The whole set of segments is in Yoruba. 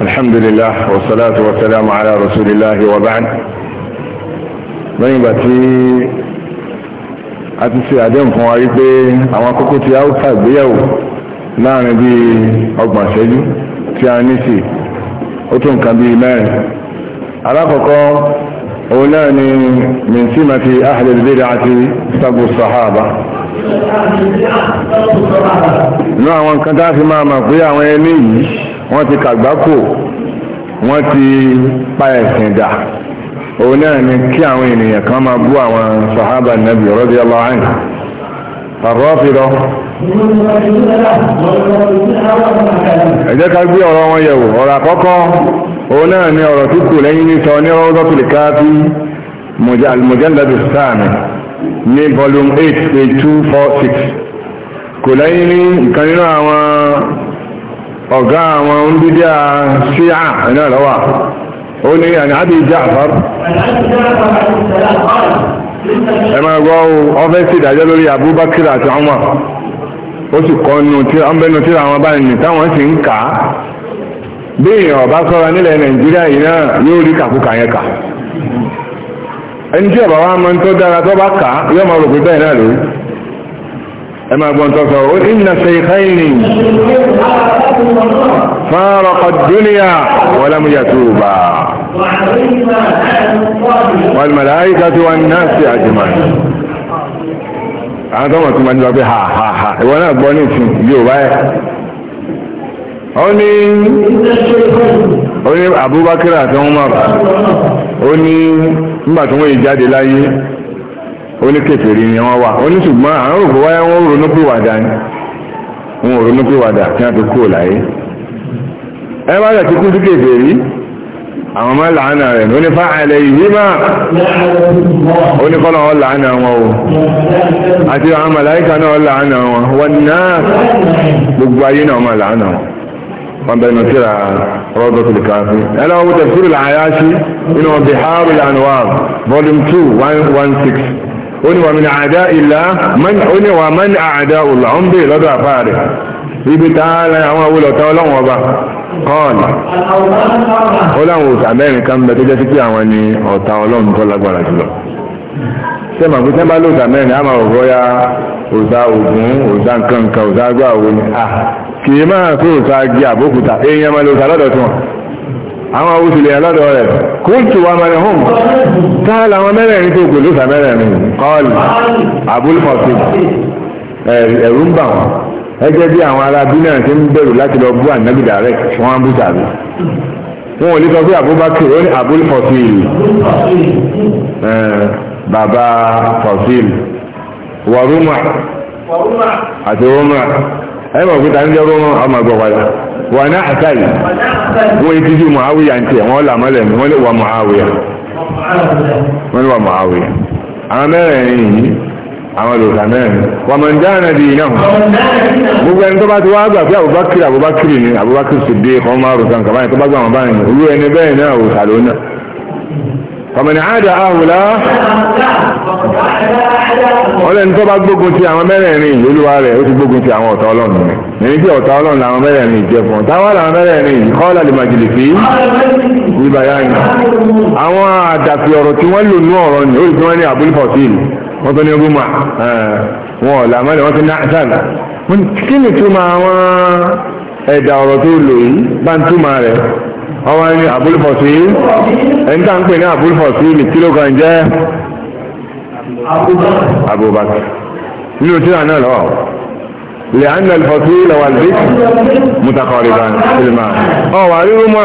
الحمد لله والصلاة والسلام على رسول الله وبعد lẹ́yìn ìgbà tí a ti ṣe àdéhùn fún wa wípé àwọn akókó tí a ó ṣàgbéyẹ̀wò láàrin bíi ọgbọ̀n ṣẹ́jú tí a ní sí ó tó nǹkan bíi mẹ́rin alákọ̀ọ́kọ́ òun náà ni mìsíma ti ahàlẹ̀lẹ́dẹ́ àti sabu sahaba inú àwọn nǹkan tá a fi máa mọ̀ pé àwọn ẹni yìí wọ́n ti kàgbákò wọ́n ti pa ẹ̀sìn dà òun náà ni kí àwọn ènìyàn kan máa bú àwọn sàhábà nàbì radiyallahu anhu àrọ́fìrọ́ ẹ ká gbé ọ̀rọ̀ wọn yẹ̀wò ọ̀rọ̀ àkọ́kọ́ òun náà ni ọ̀rọ̀ lẹ́yìn ní sọ ní sáàmì ní volume kò lẹ́yìn ní ìkan nínú ọ̀gá àwọn onídídíà síà náà lọ́wà ó ní àní àbí Ja'far ẹ máa gbọ́ ọ́fẹ́sì ìdájọ́ lórí Abubakar àti Umar ó sì kọ́ nù tí ọ̀nbẹ́nu tí àwọn bá nì táwọn sì ń kà á bí èèyàn ọ̀bá sọ́ra nílẹ̀ Nàìjíríà yìí náà yóò rí kàkúkà yẹn kà ẹni tí ọ̀bá wa máa ń tó dára tó bá kà á yóò máa rò pé bẹ́ẹ̀ náà lórí. اما بنتفعوا ان الشيخين فارق الدنيا ولم يتوبا والملائكة والناس اجمعين àwọn tó mọ̀ tí wọ́n ń lọ bí ha ha ha ìwọ náà gbọ́ ní ìsìn yóò báyẹ̀ ó ní ó ní Abubakar àti ó ní nígbà tí wọ́n yìí jáde láyé oníkèfèrí ni wọ́n wà oníṣùgbọ́n àwọn òrùkú wáyé wọ́n ronú pìwàdà ni wọn ò ronú pìwàdà kí wọ́n fi kúrò láyé ẹ bá yàtí kú sí kèfèrí àwọn ọmọ làánà rẹ̀ ló ní fa àlẹ́ yìí máa ó ní kọ́nà wọn làánà wọn o àti àwọn màláìka náà làánà wọn wọn náà gbogbo ayé náà wọn làánà wọn wọn bẹ̀rẹ̀ nọ́tìrà rọ́dọ̀ tó lè káfí ẹlẹ́wọ̀n tẹ̀síwìlì àyáṣí inú bihar al volume two one one six oni wa min àdá ilá oni wa man àdá ọlọ ọ ń bèèrè lọ́dọ̀ àfá rẹ̀ ibi tààlà àwọn awolọ̀ta ọlọ́wọ̀n ọba kọ́ọ̀lù ó láwọn òsà mẹ́rin kan bẹ tó jẹ́ sí pé àwọn ni ọ̀tá ọlọ́run tó lágbára jùlọ ṣé màá fi tẹ́ bá lóòsà mẹ́rin á máa wọ̀ ya òsà ògùn òsà nǹkan nǹkan òsà agbáwo ni ah, kì í máa tó òsà agi àbókúta èèyàn máa lóòsà lọ́dọ̀ tí wọn àwọn awúsùlẹ̀ alọ́dọ̀ rẹ̀ kúrùtù wa mẹ́rin hùn táàlà àwọn mẹ́rẹ̀ẹ̀rin tó gbèlú sàmẹ́rẹ̀ẹ̀rin kọ́ọ̀lù abúlfọ̀sì ẹ̀rù ń bà wọ́n ẹgẹ́ bí àwọn ará bí náà ti ń bẹ̀rù láti lọ bú ànábì dàrẹ́ wọ́n á bú sàbí wọn ò lè sọ pé Abubakar ó ní abúlfọ̀sì bàbá fọ̀sìl wọ̀rúmà àti rúmà ẹ̀ mọ̀ ń jẹ́ rúmà ọmọ ẹgbẹ́ wáyà wà náà àtàyè wọ́n ti ju muhawiya ntẹ̀ wọ́n là mọ́lẹ̀ mi wọ́n lè wà muhawiya wọ́n lè wà muhawiya àwọn mẹ́rẹ̀ẹ̀rin yìí àwọn lòtà mẹ́rin wà mọ̀ njẹ́ àná di iná gbogbo ẹni tó bá ti wá gbà pé Abubakar Abubakar ni Abubakar Siddiq kọ́ máa rò kankan báyìí tó bá gbà wọn báyìí olú ẹni bẹ́ẹ̀ náà òòtà lónà. ọmọ ni àwòlá ọlẹ́ni tó bá gbógun ti àwọn mẹ́rẹ̀ẹ̀rin ìlúwa rẹ̀ ó ti gbógun ti àwọn ọ̀tá ọlọ́run rẹ̀ èyí tí ọ̀tá ọlọ́run làwọn mẹ́rẹ̀ẹ̀rin ìjẹ fún táwọn làwọn mẹ́rẹ̀ẹ̀rin yìí kọ́ lálẹ́ màjèlè sí ìbáyá yìí àwọn àdàpì ọ̀rọ̀ tí wọ́n lò nú ọ̀rọ̀ ni ó rí tí wọ́n ní àbúlé fọ̀síìl wọ́n tó ní ogún mà wọn ọ̀là mọ́lẹ̀ wọ́n ti ná àṣàlà kí ni túmọ̀ àwọn ẹ̀dà ọ̀rọ̀ tó lò yìí bá ń túmọ̀ rẹ̀ ọwọ́ ní àbúlé fọ̀síìl ẹ̀ńtà ń pè ní àbúlé fọ̀síìl kí ló jẹ́ abubakar nínú tí náà lọ lẹ́yìn alfasil walbik mutakọrìbá silma ọwà rírúmà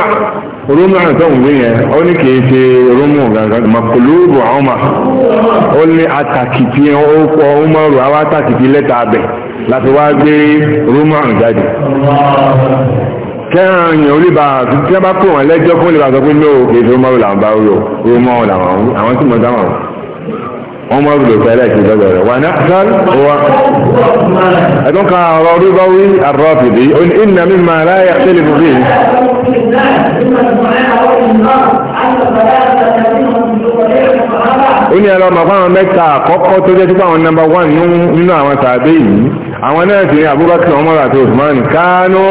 rúmà tó ń gbé yẹn ó ní kìí ṣe rúmù gangan makulubu ọmọ ó ní atakìtì ó pọ umaru àwọn atakìtì lẹ́tà abẹ láti wá gbé rúmà jáde kẹ́ràn yẹn olíba tí wọ́n bá kó wọn lẹ́jọ́ fún olíba sọ pé ní òkè tó mọ́rù làwọn bá rò làwọn àwọn tí mo dáwọn ọmọ ìlú ìfẹ́lẹ̀ ti gbọ́dọ̀ rẹ̀ wà nẹ́kùsán wà ẹ̀dùn kan ọ̀rọ̀ rúbáwí àrọ́fìdì ìnà mímọ̀ aláyà tẹ́lẹ̀ fún bíi. ó ní ẹ̀rọ ọmọ fáwọn mẹ́ta àkọ́kọ́ tó jẹ́ sípò àwọn nọ́mbà wán nínú àwọn tàbí yìí àwọn náà ti ní Abubakar Umar àti Usman kánú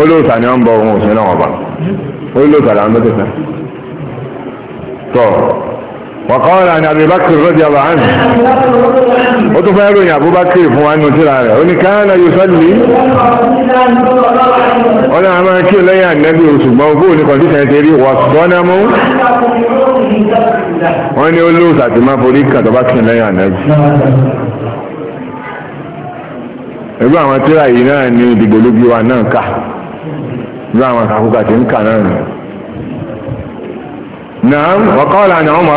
olóòtà ni wọ́n bọ ohun òṣèlú ọ̀bà olóòtà làwọn mẹ́tẹ̀ẹ̀ta وقال عن ابي بكر رضي الله عنه وتفعلوا يا ابو بكر فهو انه تلعب وان كان يصلي وانا ما كي لي النبي وسبحانه وقول لكم في سنتيري والصنم wọ́n ní olóòsà tí máa forí kàtọ́ bá kí lẹ́yìn ànábì ẹgbẹ́ àwọn tíra yìí náà ní ìdìgbòlógbé wa náà kà ẹgbẹ́ àwọn àkàkùkà tí ń kà náà nù nàám wàkọ́ọ̀lá àná ọmọ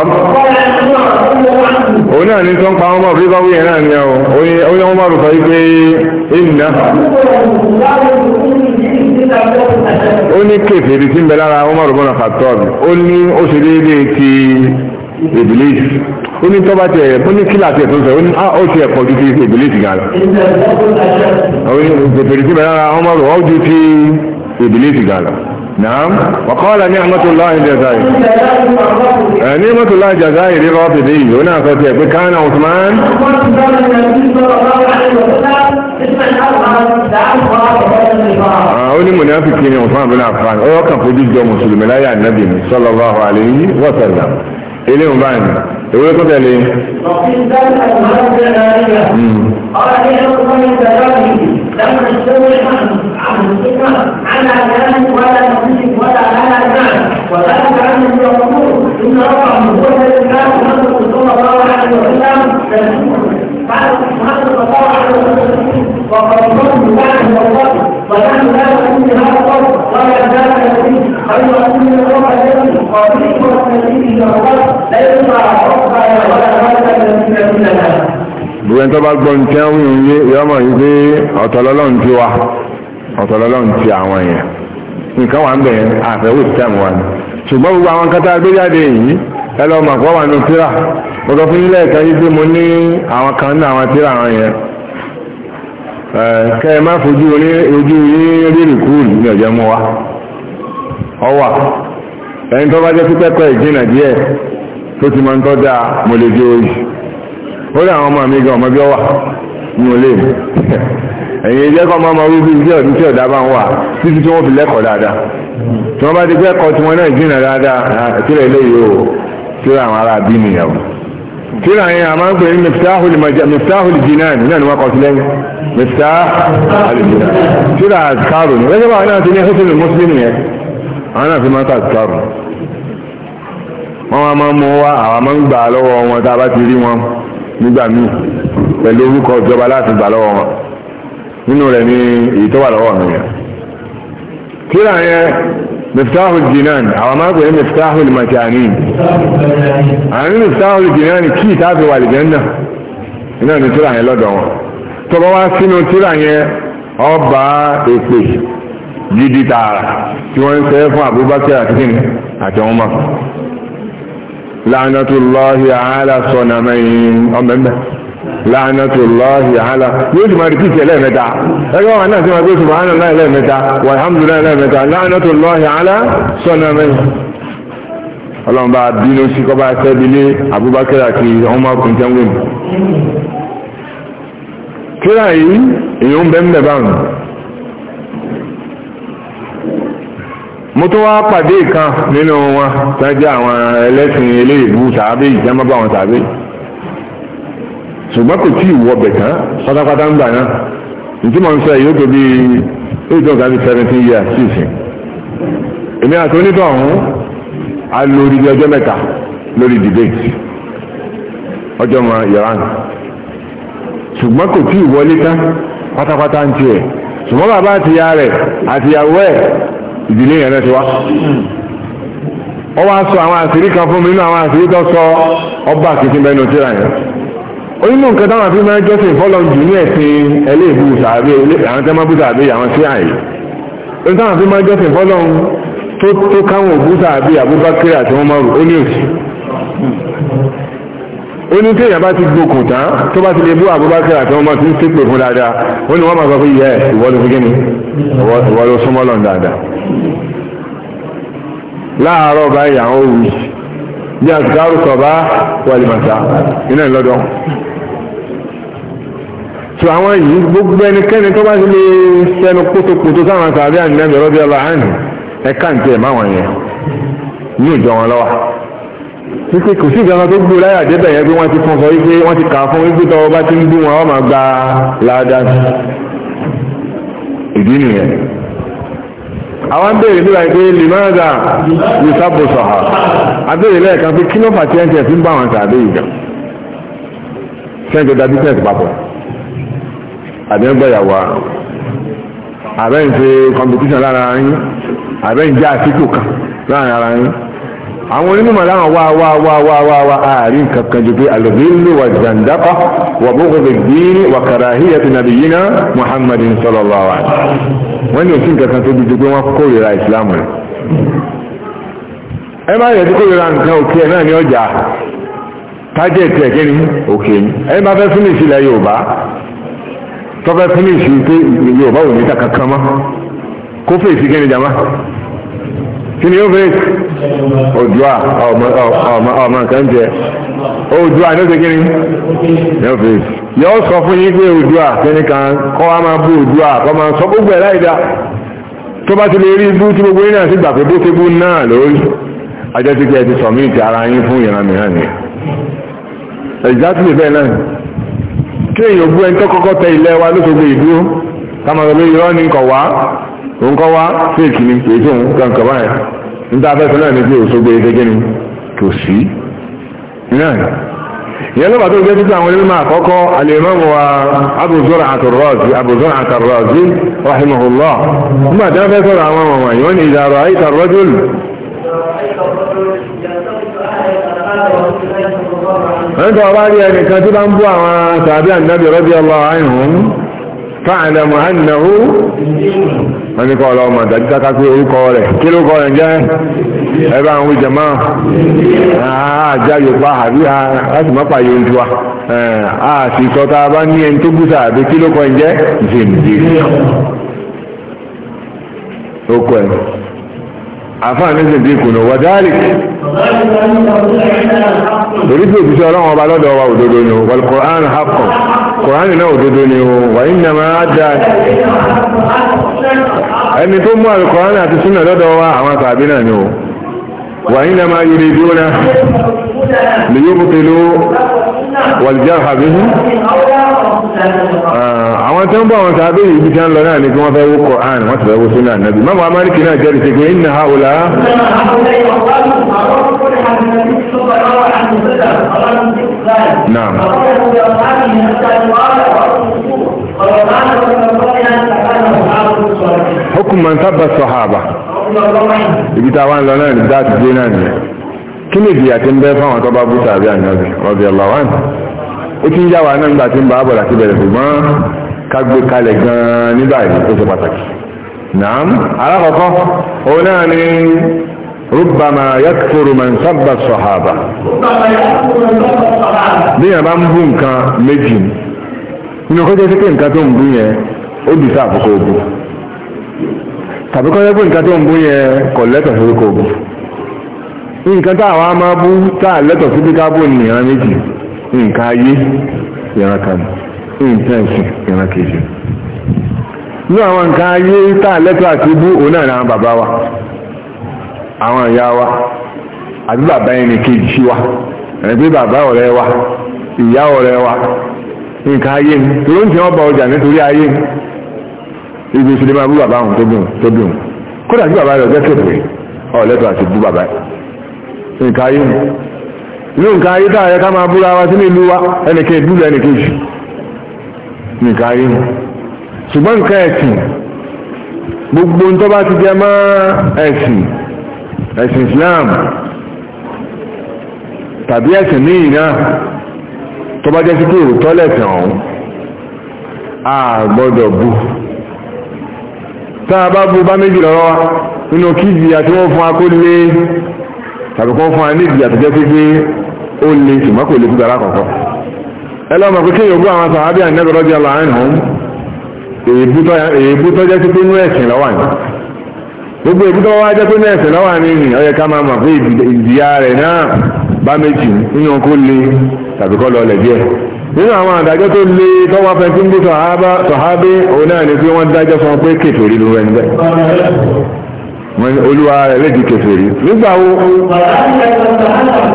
òun náà ní sọ́npa ọmọ bí bá wúyẹ̀ náà ní ọ oní ọmọ rùfà ipé ìnà ó ní kèfèrí tí ń bẹ lára ọmọ rùfà náà fàtọ́ọ̀bì ó ní ó ṣe déédé ti ìbìlìs ó ní tọ́ba tiẹ̀ ó ní kílà tiẹ̀ tó sọ ó ní ah, ó tiẹ̀ pọ̀ ju ti ìbìlìs gan lọ kèfèrí tí ń bẹ lára ọmọ rùfà ó ju ti ìbìlìs gan lọ. نعم وقال نعمة الله الجزائر آه، نعمة الله الجزائر رافضي هنا فتح كان عثمان أولي آه، منافقين عثمان بن عفان ويوقف جزء مسلم لا يعني النبي صلى الله عليه وسلم إلي بعد يقول كده ليه؟ لم نستوي عن الفكرة على كلام ولا نقيم ولا على المعنى وذلك أنه يقول إن ربع هو الذي كان محمد صلى الله عليه وسلم فعل محمد صلى الله عليه وسلم وقد يقول بعد الله ونحن لا gbogbo ẹni tó bá gbọ́ nǹkan wí yé yọmọ yìí pé ọ̀tọ̀lọ́lọ́run ti wa ọ̀tọ̀lọ́lọ́run ti àwọn èèyàn nǹkan wà ń bẹ̀ àfẹ́wò tẹ̀m wa ni ṣùgbọ́n gbogbo àwọn kátà gbéjáde yìí ẹ lọ mà kọ́ wà nù tíra mo sọ fún ilé ẹ̀ka yìí pé mo ní àwọn kan ní àwọn tíra àwọn yẹn kẹ́ ẹ má fojú ojú yín rírì kúrì ní ọ̀jẹ̀ orí àwọn ọmọ mi gan ọmọ bí ọ wà ní olè mi ẹ̀yìn ilé ẹ̀kọ́ máa ma wí bí iṣẹ́ ọ̀dún tí ọ̀dá bá ń wà títí tí wọ́n fi lẹ́kọ̀ọ́ dáadáa tí wọ́n bá ti kẹ́kọ̀ọ́ tí wọ́n náà jìnnà dáadáa tíra eléyìí o tíra àwọn ará bí nìyàwó tíra yẹn a máa ń pè ní miftahul jinan náà ni wọ́n kọ́ sí lẹ́yìn tíra àzkárù ni wọ́n máa mú wa àwọn máa ń gbà lọ́wọ́ wọn tá a bá ti rí wọn nígbà míì pẹ̀lú orúkọ ìjọba láti gbà lọ́wọ́ wọn nínú rẹ̀ ní èyí tó wà lọ́wọ́ mi yẹn. kíra yẹn miftahul jinan àwọn máa ń pè ní miftahul makani àní miftahul jinan kí ìtaàfin wà lìjẹ́ náà iná ní tíra yẹn lọ́dọ̀ wọn tó wá sínú tíra yẹn ọba èpè gidi tààrà tí wọ́n ń sẹ́ fún Abubakar àti kìnnì àti ọmọ lánàtúláhì àhálà sọ̀nà mẹ́rin ọmọ ẹ̀mẹ́ lánàtúláhì àhálà yóò sì máa rí píìtì ẹlẹ́mẹ́ta ẹgbẹ́ wọn náà sì máa gbé sùnmọ́ àánà náà ẹlẹ́mẹ́ta wàhámdùlá ẹlẹ́mẹ́ta lánàtúláhì àhálà sọ̀nà mẹ́rin ọlọ́run bá bínú sí kọ́ bá sẹ́bílé Abubakar àti ọmọ ọkùnrin tẹ́wọ́n èèyàn ń bẹ́ẹ̀ báwọn mo tún wá pàdé kan nínú wọn tọ́jú àwọn ẹlẹ́sìn eléèbú sàábé ìjàmbá àwọn sàábé ṣùgbọ́n kò tí ì wọ bẹ̀ tán pátápátá ń gbà náà ntí mo ń sọ yìí ó tó bí eight hundred and seventeen years sí ìsìn èmi àti onítọ̀ ọ̀hún a lo ọjọ́ mẹ́ta lórí debate ọjọ́ mọ Iran ṣùgbọ́n kò tí ì wọlé tán pátápátá ń tiẹ̀ ṣùgbọ́n bàbá àtìyá rẹ̀ àtìyàwó ẹ̀ ìdílé yẹn náà ti wá ọ wá sọ àwọn àṣírí kan fún mi nínú àwọn àṣírí ọba àkìtì mẹnu tíra yẹn onínú nǹkan táwọn àfi máa ń jọ́sìn fọlọ́njù ní ẹ̀sìn ẹlẹ́ẹ̀bù sàbẹ̀ àwọn tẹ́mọ́ bù sàbẹ̀ àwọn sí àyè onínú táwọn àfi máa ń jọ́sìn fọlọ́njù tó káwọn òbú àti ó ní tí èèyàn bá ti gbókùn tán tó bá ti lè bú Abubakar àti wọn bá ti ń ṣépè fún dáadáa ó ní wọn máa sọ pé yẹ ìwọ ló fi gé ni ìwọ ló súnmọ́ lọ́n dáadáa láàárọ̀ báyìí àwọn òwì bí àtúkárù sọ̀bá wàlìmọ̀sá iná ìlọ́dọ̀ tó àwọn yìí gbogbo ẹnikẹ́ni tó bá ti lè sẹnu kótókótó sáwọn sàbí ànínábì ọlọ́bí ọlọ́ àánú ẹ̀ka ní wípé kò sí ìgbàgbọ́ tó gbó láyà débẹ̀ yẹn pé wọ́n ti fún sọ wípé wọ́n ti kà á fún wípé tọ́wọ́ bá ti ń bú wọn ó máa gba ládàá ìdí nìyẹn àwọn béèrè nígbà pé limaza yusabu sọ̀hà abéèrè lẹ́ẹ̀kan pé kí ló fà tiẹ̀ tiẹ̀ fi ń bá wọn tàbí ìgbà sẹ́ńtẹ̀ da bísíǹsì papọ̀ àbí ń gbẹ̀yàwó àbẹ́ ń ṣe kọmpitíṣàn lára yín àbẹ́ ń jẹ́ àsìkò kan láàrin ara yín àwọn onímọ̀ láwọn wá wá wá wá wá wá àárín kankan ju pé alùbílù wà zandaka wà bókò bè dín wà kàràhíyà ti nàbí yín náà muhammadin sallallahu alaihi wọ́n ní òsín kankan tó dúdú pé wọ́n kórìíra ìsìlámù rẹ̀ ẹ má yẹ kí kórìíra nǹkan òkè ẹ̀ náà ní ọjà tájẹ̀tì ẹ̀kẹ́ ni òkè ni ẹ má fẹ́ fínísì ilẹ̀ yorùbá tó fẹ́ fínísì pé yorùbá ò ní kankan mọ́ kó fèsì kẹ́ni jama kí ni ó fẹ́ òdùà ọma nǹkan sọ fún yín pé kini kan kọ́ a máa bú kọ́ máa sọ gbogbo ẹ̀ tó bá ti lè rí ibú tí gbogbo yín náà sì gbà pé bó bú náà lórí ti kí ẹ ti sọ mí ti ara yín fún ìran mìíràn ni bẹ́ẹ̀ náà kí èèyàn bú ẹni wa lóṣogbo ìdúró lórí irọ́ kọ̀ òun kọ́ wá fèkì ni èyí tó ń kankan báyìí níta fẹ́fẹ́ náà ní pé òṣogbo ìfẹ́gẹ́ ni kò sí ìyẹn lọ́pàá tó jẹ́ títí àwọn onímọ̀ àkọ́kọ́ alẹ́mọ́mù wa Abu Zur'at ar-Razi Abu Zur'at ar-Razi rahimahullah nígbà tí wọ́n fẹ́ sọ̀rọ̀ àwọn ọmọ wọ̀nyí wọ́n ní idha ra'ayta ar-rajul wọ́n tọ́ ọba rí ẹnìkan tí bá ń bú àwọn tàbí ànábì radiyallahu anhum fáàlẹ̀mù annahu wọ́n ní kọ́ ọlọ́mọ dájúdáká pé orúkọ rẹ̀ kí ló kọ́ rẹ̀ jẹ́ ẹbá àwọn jẹ̀mọ́ àjáyò ah, pa àbí láti mọ́pà ha àti sọta bá ní ẹni tó gúúsà àbí kí ló kọ́ rẹ̀ jẹ́ zimzim àfáà ní ṣèdí ìkùnà wà dáàlì torí pé òbíṣẹ́ ọlọ́run ọba lọ́dọ̀ wa òdodo ni o wàlú koran hakọ̀ koran náà òdodo ni o wà ní nàmà dá ẹni tó mú àrùn koran àti súnà lọ́dọ̀ wa àwọn àtàbí náà ni o wà ní nàmà yìí dúró náà lè yóò mú pẹ̀lú wàlú jáà Ah, àwọn tó ń bọ̀ àwọn sàbẹ̀ ibi tí wọ́n lọ náà ni kí wọ́n fẹ́ wó Kùránì wọ́n sì fẹ́ wó súnà nàbì mọ́mọ́ amárìkì náà jẹ́rìí sí pé ń nà áwòlá. hukuman sábà sọ̀hábà ibi táwa ń lọ náà ni dáàtì dé náà nìyẹn kí ni ìdíyà ti ń bẹ́ fáwọn tó bá bú sàbẹ̀ àyànjẹ́ ọ̀dẹ̀ ọ̀làwọ̀ àná ó ti ń yá wa náà nígbà tí ń bá bọ̀dà sí bẹ̀rẹ̀ ṣùgbọ́n ká gbé kalẹ̀ gan-an nígbà yìí ó ṣe pàtàkì naam alákọ̀ọ́kọ́ òun náà ni rúbàmà yàtúrù mà ń sábà sọ̀hábà bí yàn bá ń bú nǹkan méjì nínú kọjá sí pé nǹkan tó ń bú yẹn ó dì sáà fún kóòbù tàbí kọjá pé nǹkan tó ń bú yẹn kò lẹ́tọ̀ sí kóòbù nǹkan táwa máa bú táà lẹ́tọ̀ sí bí ká bú nìyàn méjì nǹkan ayé kan nǹkan ẹ̀sìn ìran kejì ní àwọn nke anyị taa lẹ́tọ́ àti bú òun wa àwọn ya wa àbí bàbá ẹni kejì wa ẹ̀bí bàbá ọrụ wa ìyá ọ̀rẹ́ wa nǹkan ayé ọba torí ń tí wọ́n bá ọjà nítorí ọ ní nǹkan ayé táà yẹ ká máa búra wa sínú ìlú wa ẹnìkan ìbúlẹ̀ ẹnìkejì nǹkan ayé ṣùgbọ́n nǹkan ẹ̀sìn gbogbo ń tó ti jẹ mọ́ ẹ̀sìn ẹ̀sìn Islam tàbí ẹ̀sìn ní ìná tó bá jẹ́ sí pé òótọ́ lẹ̀sìn ọ̀hún a gbọ́dọ̀ bu tá a bá bu bá méjì lọ́rọ́ nínú kíjì àti wọ́n fún akólé tàbí kọ́ fún wa ní ìdíyà tó jẹ́ pé pé ó le ṣùgbọ́n kò lè fi dára kọ̀kọ́ ẹ lọ́mọ pé kéèyàn gbọ́ àwọn sàábíà nẹ́bẹ̀ rọ́jà láàrin hàn èébú tó jẹ́ sí pé inú ẹ̀sìn lọ́wọ́ ni gbogbo èébú tó wá jẹ́ pé inú ẹ̀sìn lọ́wọ́ ni ni ó yẹ ká máa mọ̀ pé ìdíyà rẹ̀ náà bá méjì nínú kó le tàbí kọ́ lọ lẹ̀ díẹ̀ nínú àwọn àdájọ́ tó lé tọ́wọ́ fẹ́ ń gbé sọ̀hábé òun náà ni pé wọ́n dájọ́ sọ pé kèfèrí ló rẹ̀ níbẹ̀ wọ́n ní olúwa rẹ̀ lẹ́dí kèfèrí nígbà wo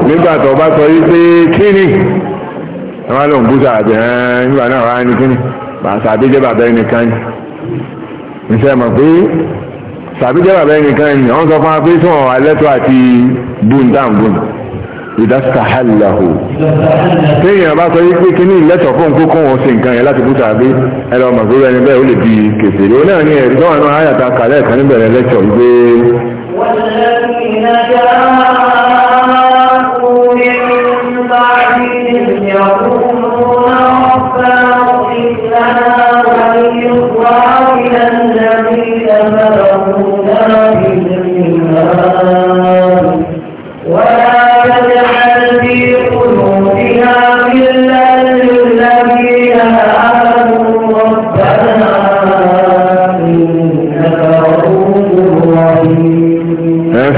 nígbà tó bá sọ yí pé kíni wọ́n á lọ bú sàbí ẹ̀ẹ́n nígbà náà wá ní kíni sàbí jẹ́ bàbá ẹnìkan ní ṣe mọ̀ pé sàbí bàbá ẹnìkan ní wọ́n sọ fún wa pé sọ̀rọ̀ alẹ́tọ̀ àti bùn dáǹbùn ìdásàhálàhù téèyàn bá sọ wípé kí ní ìlẹ́tọ̀ fún kókó wọn sí nǹkan yẹn láti fún tàbí ẹlọ màgbóró ẹni bẹ́ẹ̀ ó lè di kèfèrè ó náà ní ẹ̀rí tó wà náà ayàtà kàlẹ́ ẹ̀kan níbẹ̀rẹ̀ lẹ́tọ̀ wípé wọ́n lẹ́yìn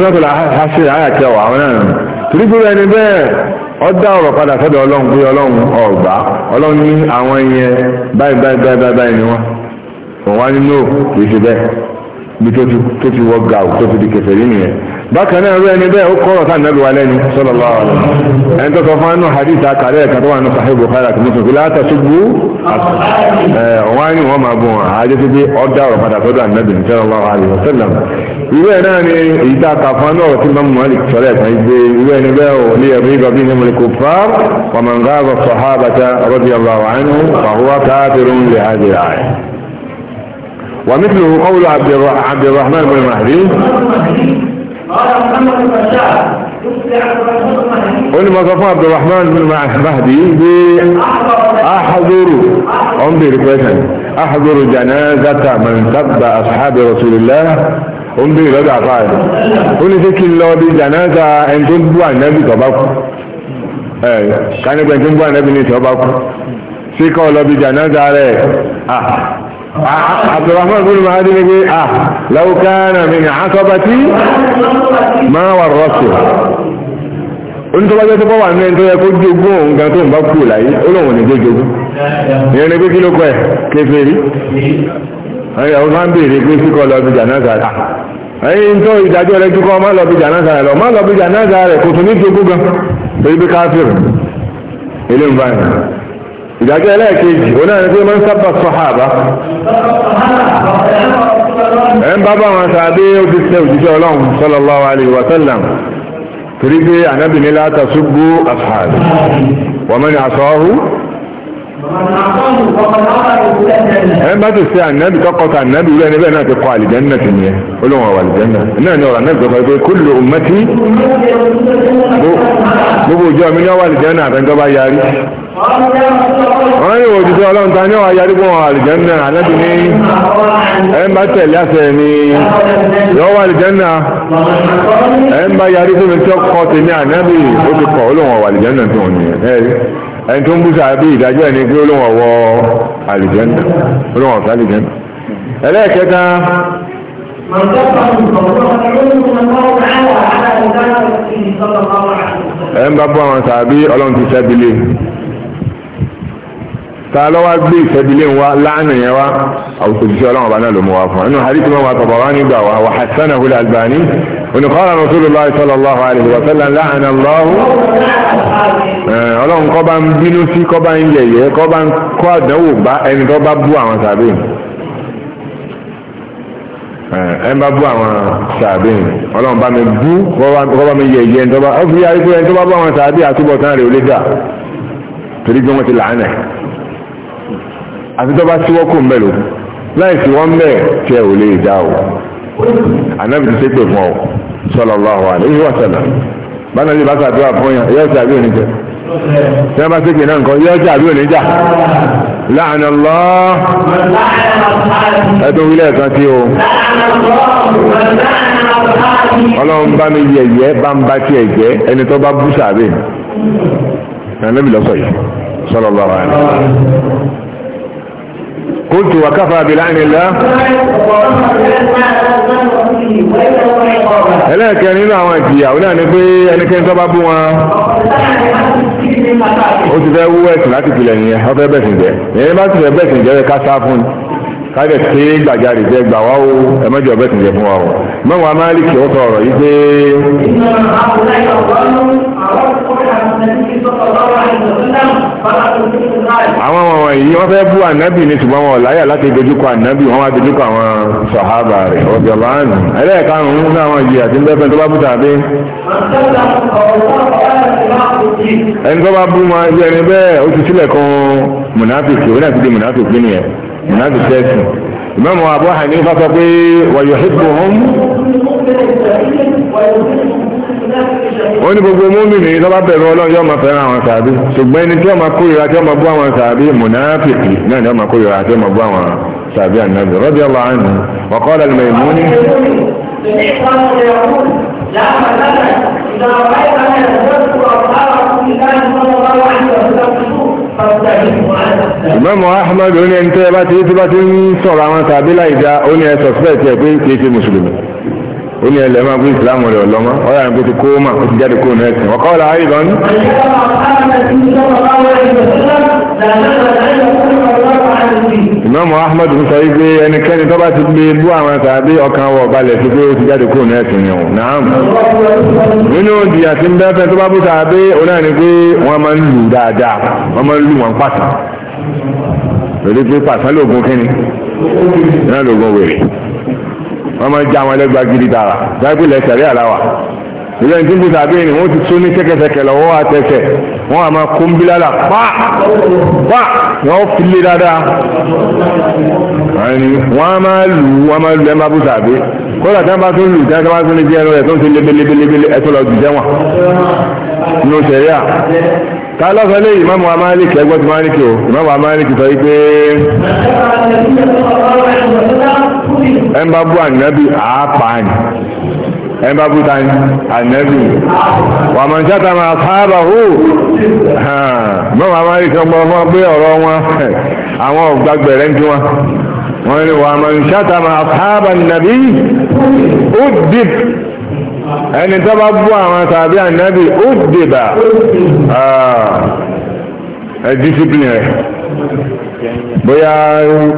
sọ́tò láṣẹ àyàkẹ́ wà àwọn náà torí pé ẹni bẹ́ẹ̀ ọ dá ọ̀rọ̀ padà sọ́dọ̀ ọlọ́run pé ọlọ́run ọ̀gbá ọlọ́run ní àwọn ìyẹn báyìí báyìí báyìí báyìí ni wọ́n wọ́n bákan náà rẹ ni bẹ́ẹ̀ ó kọ́rọ̀ sáà nàbí wa lẹ́nu sallallahu alaihi wasallam ẹni tó sọ fún anú hadith àkàrẹ́ ẹ̀ka tó wà nù Sahih Bukhari àti Muslim fi láta ṣubú wọn á ní wọn máa bọ̀ wọn àjẹ tó dé ọ̀dà ọ̀rọ̀ padà sọ́dọ̀ ànábì sallallahu alaihi wasallam ìwé náà ni èyí tá a kà fún anú ọ̀rọ̀ tí Imam Malik sọ̀rọ̀ ẹ̀ka ìgbé ìwé ni bẹ́ẹ̀ ò ní ẹ̀rí gọbí ní mọ̀lẹ́kù fáf ومن غاب الصحابة radiyallahu anhu فهو كافر لهذه الآية ومثله قول عبد الرحمن بن مهدي wọ́n ma sọ fún abdulrahman bin mahdi bí ahadoro ọ̀n bèrè pẹ́sẹ̀n ahadoro janazata man sabba ashabi rasulillah ọ̀n bèrè lọ́dọ̀ àfáàrí ó ní sí kí n lọ bí janaza ẹni tó ń bú ànábì tó bá kú ẹ̀ kánígbẹ̀ tó ń bú ànábì ní tó bá kú sí kọ́ lọ bí janaza rẹ̀ ah, abdulrahman bin mahadi ni pé ah laukana min asabati ma wà rọ́sù onítọ́bájọ́ tó bọ́ wà ní ẹni tó yẹ kó jogún òun gan tó ń bá kú láyé ó lóun ní jogún ìyẹn ni pé kí ló kọ ẹ̀ kéferí àwọn máa ń béèrè pé kíkọ́ lọ bí jànáza rẹ̀ ẹ̀yìn tó ìdájọ́ rẹ̀ kíkọ́ má lọ bí jànáza rẹ̀ lọ má lọ bí jànáza rẹ̀ kò tún ní jogún gan torí pé káfíìrì ilé ń báyìí إذا قال لك هنا نقول من سب الصحابة عن بابا ما سابيه صلى الله عليه وسلم تريد أن ابن لا تسبوا أصحابه ومن عصاه ẹn bá ti ṣe ànábì tọkọ ta ànábì wúlò ẹni bẹ́ẹ̀ náà ti kọ àlìjẹ́nà ti nìyẹn olóhùn ọ̀rọ̀ àlìjẹ́nà náà ni ọ̀rọ̀ ànábì tọkọ pé kullu ummati gbogbo ìjọ mi ní ọwọ́ àlìjẹ́nà àtẹnudọ́ba yarí wọ́n ní òjijì ọlọ́run ta ní ọwọ́ yarí fún ọ̀rọ̀ àlìjẹ́nà ànábì ní ẹn bá tẹ̀lé àṣẹ ni ọwọ́ yarí fún mi tí ọkọ tèmi ànábì ó ti kọ olóhùn ọ̀rọ̀ àlìjẹ́nà tó nìyẹn ẹni tó ń bú sàábì ìdájọ́ ẹni pé olóhùn ọ̀wọ́ àlìjẹ́ńdà olóhùn ọ̀sán àlìjẹ́ńdà ẹlẹ́ẹ̀kẹta. ẹ̀ ń bá bọ́ àwọn sàábì ọlọ́run ti sẹ́bi lé ta ló wá gbé ìsẹ́bílé wa láàánú yẹn wa àwòsòjìṣẹ́ ọlọ́run ọba náà ló mú wa fún un inú hadith mọ́ wa tọ̀bọ̀ wá nígbà wa wa hasan ahu albani onukọ́ra rasulullah sallallahu alayhi wa sallam láàánú allahu eh, ọlọ́run kọ́ bá ń bínú sí kọ́ bá ń yẹ̀yẹ́ kọ́ bá ń kọ́ àdánwò bá ẹni tó bá bú àwọn sàbẹ̀ eh, ẹn bá bú àwọn sàbẹ̀ ọlọ́run bá mi bú kọ́ mi yẹ̀yẹ́ ẹni tó bá ó fi yára àwọn sàbẹ̀ àtúbọ̀tán rẹ̀ ó torí pé wọ́n ti làánà àti tó bá tí wọ́n kò ń bẹ̀ lò láì sí wọ́n bẹ̀ tí ẹ ò lè dá o ànábì ti ṣe pé fún ọ sallallahu alaihi wa sallam báńdà lè bá sàdúrà fún yàn yóò ṣe àbí òní jẹ tí wọ́n bá ṣe pé náà nǹkan yóò ṣe àbí òní láàánú lọ ẹtún wílẹ̀ kan tí o ọlọ́run bá mi yẹ̀yẹ́ bá ń bá tiẹ̀ jẹ́ ẹni tó bá bú sàbẹ̀ ànábì lọ́sọ̀ yìí sallallahu alaihi wa قلت وكفى بلعن الله ẹlẹ́ẹ̀kẹ́ nínú àwọn ìjìyàwó náà ni pé ẹnikẹ́ni tó bá bú wọn ó ti fẹ́ wú ẹ̀sìn láti pìlẹ̀ nìyẹn ó fẹ́ bẹ̀sìn jẹ́ ìyẹn bá ti fẹ́ bẹ̀sìn jẹ́ ká sá fún un káyọ̀ pé gbàjarì jẹ́ gbà wá o ẹ̀mẹ́jọ bẹ̀sìn jẹ́ fún wa o mẹ́wàá máàlìkì ó sọ ọ̀rọ̀ yìí pé ìnáwó àwọn ọmọ yìí wọ́n fẹ́ bú ànábì ní ṣùgbọ́n wọn ọ̀láyà láti dojúkọ ànábì wọ́n wá dojúkọ àwọn sàhábà rẹ̀ ọ̀bẹ̀ ọ̀làánù ẹlẹ́ẹ̀karùn-ún ní àwọn ìjìyà tí ń bẹ́ẹ̀ tó bá bú tàbí. ẹni tó bá bú wọn ilé ẹni bẹ́ẹ̀ ó ti sílẹ̀ kan mùnáfìkì ó náà ti di mùnáfìkì nìyẹn mùnáfìkì ẹ̀sìn ìmọ̀ọ́mọ̀ àbọ̀ hàní fásọ pé wàyọ̀ ó ní gbogbo múmìnì lọ́ba bẹ̀rù ọlọ́run yóò máa fẹ́ràn àwọn sàbí ṣùgbọ́n ẹni tí ó máa kórìíra tí ó máa bú àwọn sàbí mùnáfìkì náà ni ó máa kórìíra tí ó máa bú àwọn sàbí ànábì radiyallahu anhu wa qala al-Maymuni. ìmọ̀mọ̀ ahmed oní ẹni tẹ́ ẹ bá ti ń sọ̀rọ̀ àwọn sàbí láìda ó ní ẹlẹ́mà pé ìsìlámù rẹ̀ ọ̀lọ́mọ́ ọ̀yà rẹ̀ pé ti kó mà ó ti jáde kó nẹ́ẹ̀sì ọ̀kọ́ ọ̀la ayé lọ́nù. ìmáàmù Ahmad ń sọ wípé ẹnikẹ́ni tó bá ti gbé bú àwọn tàbí ọkàn wọ̀ balẹ̀ sí pé ó ti jáde kó nẹ́ẹ̀sì ni ọ̀ náà. nínú ìdí àti mbẹ́fẹ́ tó bá bú tàbí ọ̀nà ni pé wọ́n máa ń lù dáadáa wọ́n máa ń lù wọn pàtàkì lórí pé pàtàkì lóògùn kíni náà lóògùn wèrè wọ́n máa já àwọn ẹlẹ́gbàá gidi tààrà dábìlẹ̀ sẹ̀rí àláwà ilé ní tíbi tàbí ni wọ́n ti tún ní sẹ́kẹsẹ̀kẹ̀ lọ́wọ́ àtẹ̀sẹ̀ wọ́n àmà kúmbílálà pa pa wọ́n fi lé dáadáa wọ́n á máa lù ú wọ́n á máa lù bú tàbí kódà tí wọ́n bá tún lù tí wọ́n bá tún lè jẹ́ ẹnu rẹ̀ tó ń ti lebelebele ẹ̀tọ́ lọ jùjẹ́ wọn nínú sẹ̀ríà ta lọ́sọ̀ lé ìmáàmù amálìkì ẹgbẹ́ ti máàlìkì o ìmáàmù amálìkì sọ wípé ẹ ń bá bú ànábì àápàá ni ẹ ń bá bú tani ànábì wà máa ń ṣáta máa sáábà hù mọ́ màá máa rí kan gbọ́ fún pé ọ̀rọ̀ wọn àwọn ọ̀gbàgbẹ̀rẹ̀ ń tí wọn wọ́n ní wà máa ń ṣáta máa sáábà nàbí ó dìp ẹni tó bá bú àwọn tàbí ànábì ó dìbà ẹ discipline rẹ bóyá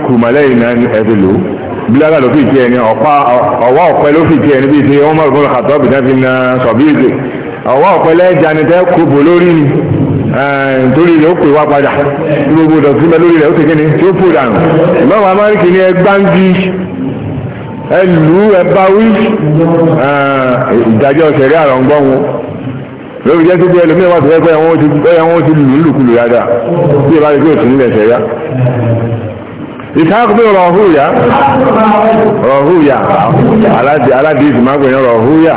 kùmọ̀lẹ́yìn náà ẹ̀fẹ̀ lò ó bílára ló fi tiẹ̀ ní ọ̀pá ọ̀wá ọ̀pẹ ló fi tiẹ̀ níbi tí wọ́n mọ̀rún fún àtọ́ bìtẹ́ fi na sọ̀bíìsì ọ̀wá ọ̀pẹ lẹ́jà ni tẹ́ kó bò lórí ni torí ilẹ̀ ó pè wá padà gbogbo dọ̀tí mẹ́ lórí ilẹ̀ ó kékeré tí ó pò dànù ìmọ̀wá amárìkì ni ẹgbáǹgì ẹlú ẹbáwí ìdájọ́ ṣẹ̀rẹ́ àrọ̀ǹgbọ́n lórí jẹ́ síbi ẹlòmíràn wà tó fẹ́ pé ẹ̀wọ̀n ti lù lùkulù yàrá ìsáàkù bí rọ̀húyà rọ̀húyà aládìí aládìí mágbẹ̀yìn rọ̀húyà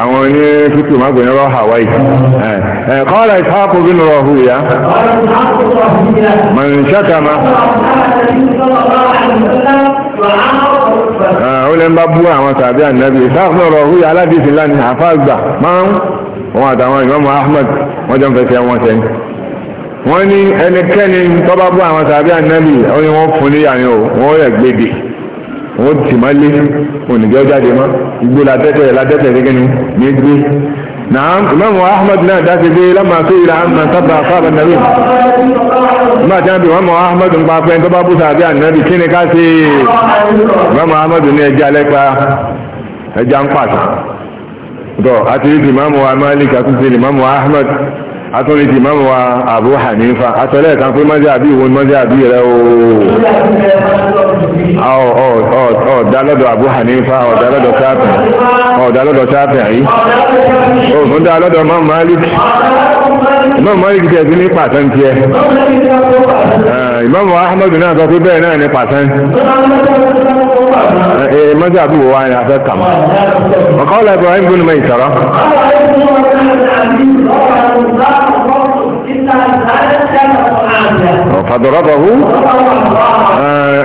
àwọn ní fíkù mágbẹ̀yìn rọ̀ hawaii ẹ̀ kọ́lá ìsáàkù bí rọ̀húyà mọ̀nìṣàkàmá ó lè ń bá bú àwọn tàbí ànábì ìsáàkù bí rọ̀húyà aládìí ńlá ni àfáàgbà máa ń wọn àtàwọn ìmọ̀mù ahmed wọ́n jọ ń fẹsẹ̀ wọn sẹ́yìn wọ́n ní ẹnikẹ́ni tó bá bú àwọn sàbí ànábì ọyẹ wọn fún ní àyàn o wọ́n yẹ gbèdè wọ́n tì má lé onígbẹ́ jáde má igbó latẹ́tẹ̀ latẹ́tẹ̀ gẹ́gẹ́ ní gbé naam imaamu ahmed náà dási dé lámà tó yìí sábà fáwọn nígbà tí bí ahmed ń pa bú sàbí ànábì kí ni ká ṣe ahmed ní ń àti atúnni ti máa wa Abu Hanifa atọ́lẹ̀ kan pé mọ́jẹ́ àbí ìwọ ni mọ́jẹ́ àbí rẹ ooo ọ̀dà lọ́dọ̀ Abu Hanifa ọ̀dà lọ́dọ̀ sáàpì ọ̀dà lọ́dọ̀ sáàpì àyí òun dá lọ́dọ̀ mọ́ Malik Imam Malik tẹ̀ sí ní pàtán tiẹ̀ Imam Ahmad náà sọ pé bẹ́ẹ̀ náà ní pàtán mọ́jẹ́ àbí ìwọ wa ni a fẹ́ kà mọ́ ọ̀kọ́ ọ̀la Ibrahim gbóni فضربه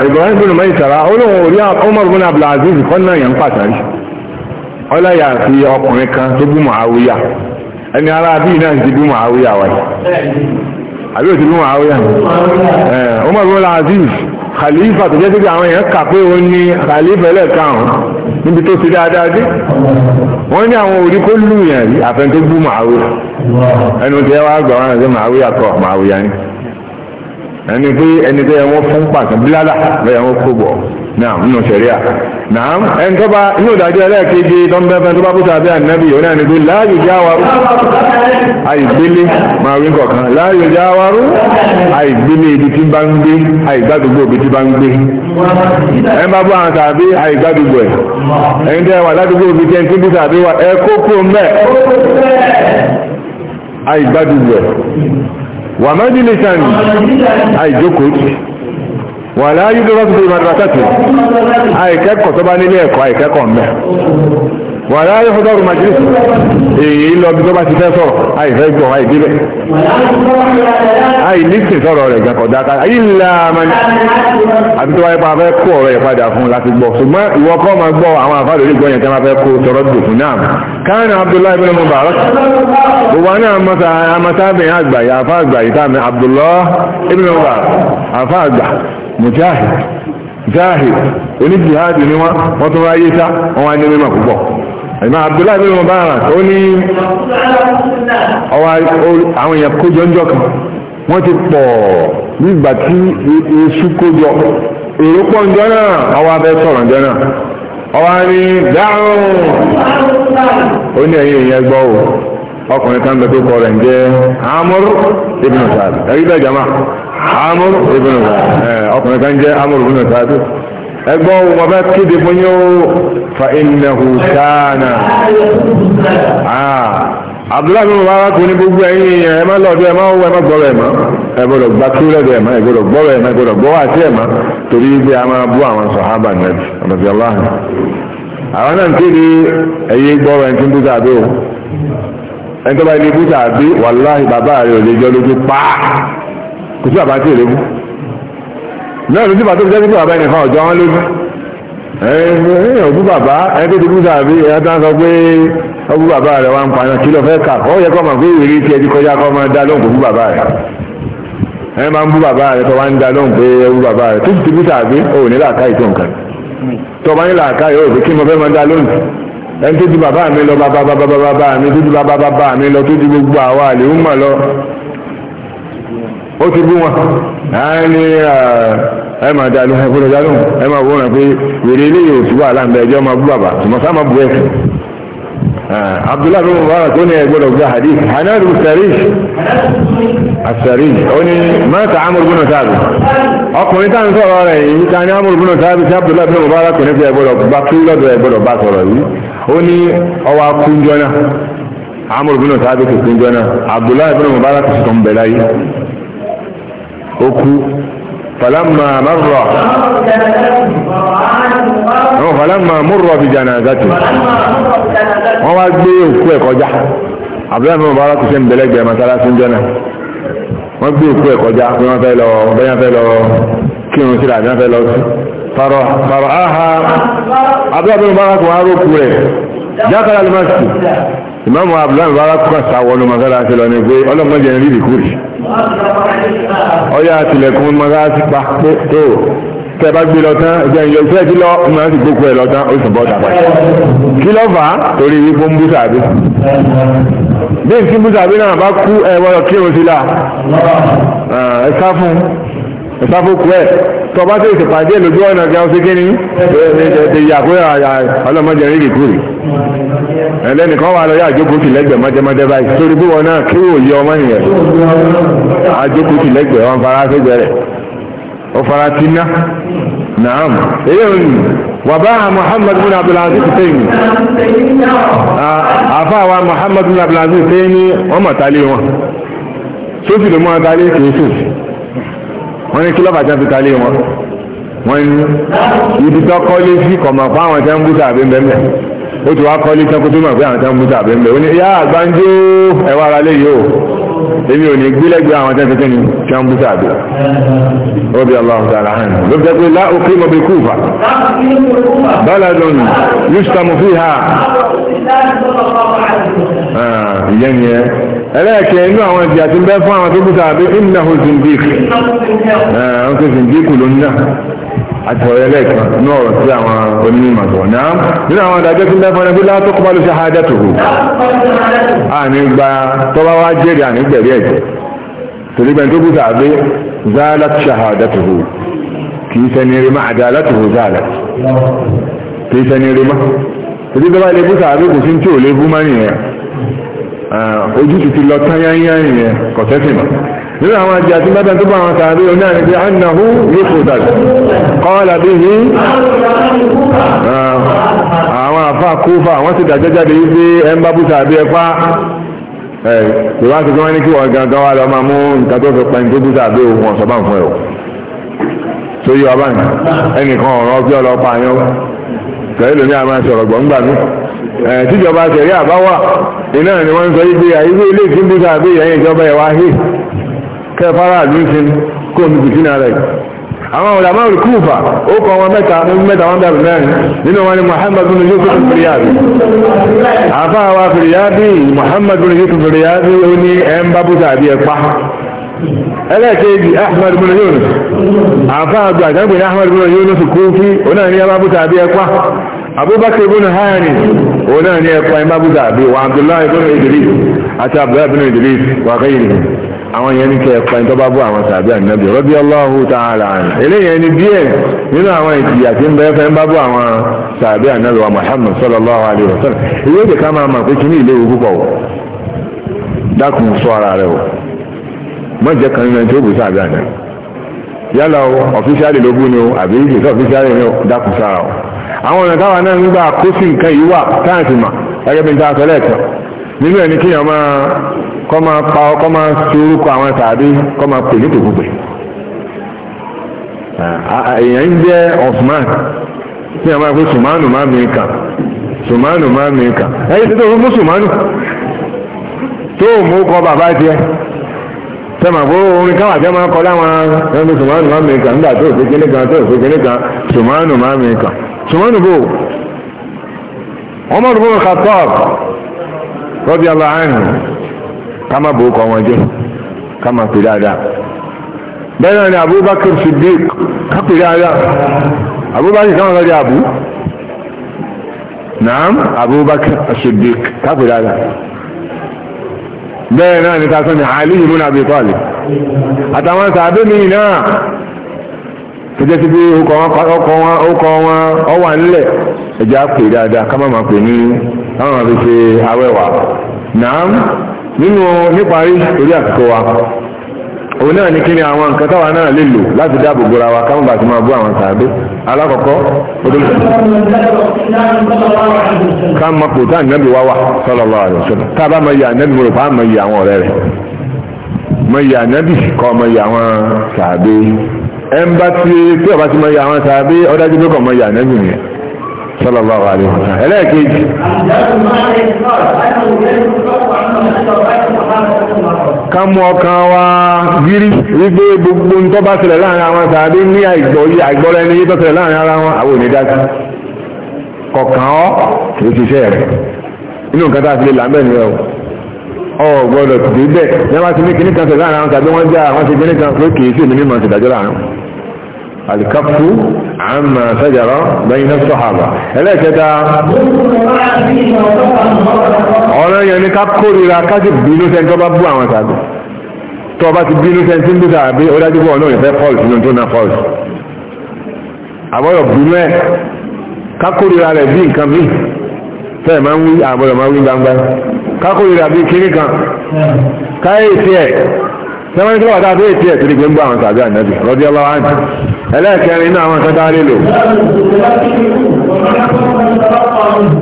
إبراهيم بن ميسرة أقوله يا عمر بن عبد العزيز قلنا ينقتل ọlá yà fi ọkùnrin kan tó bú Muawiya ẹni ara bí náà ti bú Muawiya wáyé àbí ò ti bú Muawiya ẹ̀ Umar bin Abdul Aziz khalifa tó jẹ́ sí àwọn èèyàn kà pé òun ni khalifa ẹlẹ́ẹ̀karùn-ún níbi tó ti dáadáa dé wọ́n ní àwọn orí kó lù yàn rí àfẹntó bú màáwó ẹnu tí ẹ wá gbà wọn àti màáwó yàtọ̀ màáwó yá ni ẹni pé ẹni tó yẹ wọ́n fún pàtàkì bílálà lọ́yẹ wọ́n kó bọ̀ náà nínú sẹ̀ríà náà ẹni tó bá inú ìdájọ́ ẹlẹ́ẹ̀kejì tó ń bẹ́ẹ̀ tó bá kú tàbí ànábì òun náà ni pé láàyò jáwarú àìgbélé máa rí kọ̀ọ̀kan láàyò jáwarú àìgbélé ibi tí bá ń gbé àìgbádùgbò ibi tí bá ń gbé ẹni bá bọ́ àwọn tàbí àìgbádùgbò ẹ̀ ẹni tẹ́ wà ládùgbò ibi tí ẹni tí bí tàbí wà ẹ kó kó mẹ́ àìgbádùgbò ẹ̀ wà sàn àìjókòó wà láyé dúró sí madrasati àìkẹ́kọ̀ọ́ tó bá nílé ẹ̀kọ́ àìkẹ́kọ̀ọ́ mẹ́ wà láyé fọ́tọ́rù majlis èyí lọ bí tó bá ti fẹ́ sọ̀rọ̀ àìfẹ́ gbọ́ àìdílẹ̀ àìlísì sọ̀rọ̀ rẹ̀ gàkọ̀ dáka ilẹ̀ amani àti tó wáyé pa afẹ́ kó ọ̀rọ̀ yẹn padà fún láti gbọ́ ṣùgbọ́n ìwọ kọ́ máa gbọ́ àwọn àfáàlù orí gbọ́yẹn tẹ́ máa fẹ́ kó sọ̀rọ̀ dùn fún náà káàní abdullahi bin mubarak gbogbo àwọn amasábìnrin àgbà yìí àfáàgbà yìí tá àmì abdullahi bin mubarak àfáàgbà mujahid jahid oníjihadi ni wọ́n wọ́n tún ọnwa sá wọ́n wá ní mímọ̀ púpọ̀ ìmọ̀ abdullahi bin mubarak ó ní àwọn èèyàn kójọ ń jọ kan wọ́n ti pọ̀ nígbà tí na ọkùnrin kan lọ tó kọ jama amúr ibùnú ọkùnrin kan jẹ́ amúr ibùnú sáájú ẹgbọ́n wọn bá kéde fún yóò fa innahu kana ah. Ah, abdullahi bin mubarak ní gbogbo ẹ̀yin èèyàn ẹ má lọ́dọ̀ ẹ má wọ ẹ má ẹ má ẹ gba ẹ má ẹ ẹ má ẹ ẹ má torí a máa bú àwọn nàbì àwọn náà ń kéde ń wàláhì bàbá ò lè jọ lójú pàá kò sí bàbá tí ò lébú náà ló sí bàbá tó fi jẹ́ sí bàbá ẹnìkan ọ̀jọ́ wọn lébú ẹ̀yìn ọ̀bú bàbá ẹni tó ti kú sàbí ẹ̀yà tó ń sọ pé ọ̀bú bàbá rẹ̀ wá ń pa náà kí ló fẹ́ kà ó yẹ kó mọ̀ pé ìrírí tiẹ̀ ti kọjá kó máa dá lóhùn kó bú bàbá rẹ̀ ẹni máa ń bú bàbá rẹ̀ tó wá ń dá lóhùn pé ọ̀bú bàbá rẹ̀ tó ti kú sàbí ò ní làákà ìtò ẹni tó ju bàbá mi lọ bàbá bàbá bàbá mi tó ju bàbá bàbá mi lọ tó ju gbogbo àwa àlè ó ti bú wọn àá ní ẹ máa dá lóhùn ẹgbẹ́ dá lóhùn ẹ máa wọ́n rẹ̀ pé wèrè eléyìí ò sí wàhálà ń bẹ ẹjọ́ máa bú bàbá ṣùgbọ́n sá máa bú ẹ̀sìn. Abdullahi bin Mubarak ó ní ẹgbọ́dọ̀ gba hadith hanadu sarish asarish ó ní mẹ́ta amúr bínú sáàbì ọkùnrin táwọn sọ̀rọ̀ rẹ̀ yìí ta ni amúr bínú sáàbì sí Abdullahi bin Mubarak kò ní fi ẹgbọ́dọ̀ gba kí lọ́dọ̀ ẹgbọ́dọ̀ bá sọ̀rọ̀ yìí ó ní ọwọ́ akúnjọ́nà amúr bínú sáàbì kò kúnjọ́nà Abdullahi bin Mubarak kò sọ̀tọ̀ ń ó kú falama marra àwọn falama múrò fi janazati wọ́n wá gbé òkú ẹ̀ kọjá abúlé fún ọba alákùsẹ́ ìbẹ̀lẹ́gbẹ̀ẹ́ masalasi jọ́nà wọ́n gbé òkú ẹ̀ kọjá pé wọ́n fẹ́ lọ bẹ́yàn fẹ́ lọ kí irun síra àbíyàn fẹ́ lọ sí fàrọ̀ àhà abúlé fún ọba alákùnrin arókù rẹ̀ jákàlá lè má sí ìmáàmù abdullahi bá kúkà sáwọnù magalasi lọ ní pé ọlọ́mọdé ń rí ìkúrì ọyá àtìlẹ̀kùn magalasi pa pé tó tẹ bá gbé lọ tán ẹgbẹ́ ìyọ ìfẹ́ kí lọ ọmọ láti gbókù ẹ lọ tán ó sì bọ́ dàgbà kí lọ fà á torí wípé ń bú sàbí bí n bú sàbí náà bá kú ẹ wọ́n kírun sí la ẹ sá fún un ìsáfókù ẹ̀ tó bá tẹ̀sí pàdé lójú ọ̀nà kí wọ́n ṣe kí ni ẹ̀ẹ́dẹ̀ ìyàgbé ọlọ́mọdé rí rí kúrì ẹlẹ́nìkan wà lọ́yà àjókòókì lẹ́gbẹ̀ẹ́ mọ́jẹ́mọ́jẹ́ báyìí torí bí wọn náà kí wò yí ọmọ yẹn àjókòókì lẹ́gbẹ̀ẹ́ wọn fara fẹ́gbẹ́ rẹ̀ ó fara ti ná naam èyí ò ní wàbá Muhammad bin Abdulaziz Taymi àfáàwà Muhammad bin Abdulaziz Taymi wọ́n mọ̀tálé wọn sófì ló mọ̀ tálé kìí sófì wọ́n ní kí lọ́ba jẹ́ fi kalẹ̀ wọn wọ́n ní ibi tó kọ́lé sí kọ̀mọ̀ fún àwọn tẹ́ ń bú tàbí bẹ́ẹ̀ ó ti wá kọ́lé sẹ́kó tó mọ̀ pé àwọn tẹ́ ń bú tàbí bẹ́ẹ̀ ó ní yá àgbáńjó ẹ̀wọ́ ara lé yìí o èmi ò ní gbílẹ̀gbẹ́ àwọn tẹ́ ń fi kẹ́ni ń bú tàbí ó bí ọlọ́run tààrà hàn ló fi jẹ́ pé lá òkè mọ̀ bí kúfà baladun yustamu fiha ah, ìyẹn ni ẹ ẹlẹ́ẹ̀kẹ́ inú àwọn ìjì àti bẹ́ fún àwọn kíkúta àbí ìnáhù zindíkì ẹ̀hún kí zindíkì ló ń dà àtọ̀rẹ́ ẹlẹ́ẹ̀kan ní ọ̀rọ̀ sí àwọn onímọ̀ tó náà nínú àwọn adájọ́ tí ń bẹ́ fún ẹni pé látó kọ́ bá ló ṣe hájá tó hù àní gba tó bá wá jẹ́rìí àní gbẹ̀rí ẹ̀jẹ̀ torí bẹ́ẹ̀ tó kúta àbí zálà ṣe hájá tó hù kì í sẹni Eh, ojútùú ti lọ táyáyá ìyẹn kọ̀tẹ́sì mọ̀ nínú àwọn àjẹ́ àti mẹ́ta tó bá eh, àwọn tàbí oní àrẹ́gbẹ́ annahu yóò kò dàgbà kọ́ọ̀lá bí i àwọn àfà kúfà wọ́n eh, ti dàjẹ́ jáde yí ọba nìkan tíjọba tẹ̀rí àbáwà iná ni wọ́n ń sọ ibi àìwé ilé ìfínbíta àbí ìyẹn ìjọba ẹ̀wà hì kẹfàrà lùsìn kó omi kùtì náà rẹ̀ àwọn ọ̀làmọ́ olùkúfà ó kọ wọn mẹ́ta mẹ́ta wọn dàbí mẹ́rin nínú wọn ni Muhammad bin Yusuf fìrìyàbí àfá wa fìrìyàbí Muhammad bin Yusuf fìrìyàbí ó ní ẹ̀ ń bá búta àbí ẹ̀ pa ẹlẹ́ẹ̀kejì ahmed bin yunus àfáà àgbà àjẹ́gbìn ahmed bin yunus kúfí onáà ní abábútà àbí ẹkwá abubakar bin hani òun náà ní ẹ̀kọ́ ẹ̀má búdà bí wà Abdullahi a Idris àti Abdullahi ibn Idris wà kẹ́yìn àwọn yẹn ní kẹ́ ẹ̀kọ́ ẹ̀tọ́ bá bú àwọn sàbí ànábì radiyallahu ta'ala díẹ̀ nínú àwọn tí ń fẹ́ ń bá àwọn sàbí ànábì wa Muhammad sallallahu alayhi wa sallam èyí ó ká máa mọ̀ pé kí ní ilé púpọ̀ wọ̀ dákun sọ ara rẹ wọ̀ mọ̀ jẹ́ kan nínú ẹni tí ó bù sàbí ànábì yálà ọ̀fíṣàlì ló ni o àwọn ọ̀nà táwa náà ń gbà kó sí nǹkan yìí wà táàtì mà gẹ́gẹ́ bí n ta sọ lẹ́ẹ̀kan nínú ẹ̀ ní kíyàn máa kọ́ máa pa ọ kọ́ máa ṣe orúkọ àwọn tàbí kọ́ máa pè ní tòkùgbè èèyàn ń jẹ́ Osman ní àwọn àgbẹ̀ sùmánù máa mi kàn sùmánù máa mi kàn ẹ̀yìn tí tó fún sùmánù tó mú kọ bàbá tiẹ̀ sẹ́mà fún orin káwà jẹ́ máa kọ láwọn ẹni sùmánù máa mi kàn nígbà tó òfin kíní kan tó kíní kan sùmánù máa mi sùmọ́nù bò Umar bin Khattab radiyallahu anhu ká má bò ó kọ́ wọn jẹ́ ká má pè dáadáa bẹ́ẹ̀ náà ni Abubakar Siddiq ká pè dáadáa Abubakar kan lọ́dí àbú naam Abubakar Siddiq ká pè dáadáa bẹ́ẹ̀ náà ni ká sọ ni Ali ibn Abi Talib àtàwọn sàbẹ̀ mi náà tó jẹ́ sí pé ọkọ̀ wọn ọwà ńlẹ̀ ẹ̀jẹ̀ á pè dáadáa ká má máa pè ní káwọn máa fi ṣe awẹ́wà náà nínú níparí orí àkókò wa òun náà ní kí ni àwọn nǹkan táwa náà lè lò láti dáàbò bora wa káwọn bá ti máa bú àwọn sàádé alákọ̀ọ́kọ́ odò ká mọ kò tá ànábì wá wà sallallahu alaihi wasallam tá a bá mọ iye ànábì mo rò pa á mọ iye àwọn ọ̀rẹ́ rẹ̀ mọ iye ànábì kọ́ mọ iye àwọn sàádé ẹnba tí tí ọba ti mọ ya àwọn sàbí ọdájú pé kọ̀ mọ ya nẹ́bì yẹn sallallahu alaihi wa sallam ẹlẹ́ẹ̀kejì. ká mú ọkàn wa gírí wípé gbogbo ń tọ́ bá ṣẹlẹ̀ láàrin àwọn sàbí ní àìgbọ́lẹ̀ ní yíyí tọ́ ṣẹlẹ̀ láàrin ara wọn àwọn onídàájú kọ̀ọ̀kan ọ́ kì í ṣiṣẹ́ rẹ̀ inú nǹkan tá a fi lè làmẹ́ nìyẹn o ọ gbọ́dọ̀ tìbí bẹ́ẹ̀ ní wọ́n ti ní kíní kan ṣẹlẹ̀ láàrin àwọn tàbí wọ́n já àwọn ṣe kíní kan lókè sí èmi mímọ̀ ṣèdájọ́ láàrin الكف عما شجر بين الصحابة ẹlẹ́ kẹta ọ̀rọ̀ yẹn ni ká kórìíra ká sì bínú sẹ́ni tó bá bú àwọn tàbí tó bá ti bínú sẹ́ni tí ń bú tàbí ó dájú bọ́ náà ìfẹ́ pọ́ọ̀lù sínú tó náà pọ́ọ̀lù àbọ̀rọ̀ bínú ẹ̀ ká kórìíra rẹ̀ bí nǹkan míì fẹ́ẹ̀ máa ń wí àbọ̀rọ̀ máa ń wí gbangba ká kórìíra bí kíní kan káyé ìtì ẹ̀ sẹ́wọ́n ní kí wọ́n wà dáa ẹlẹ́ẹ̀kẹrin náà àwọn kẹta lílò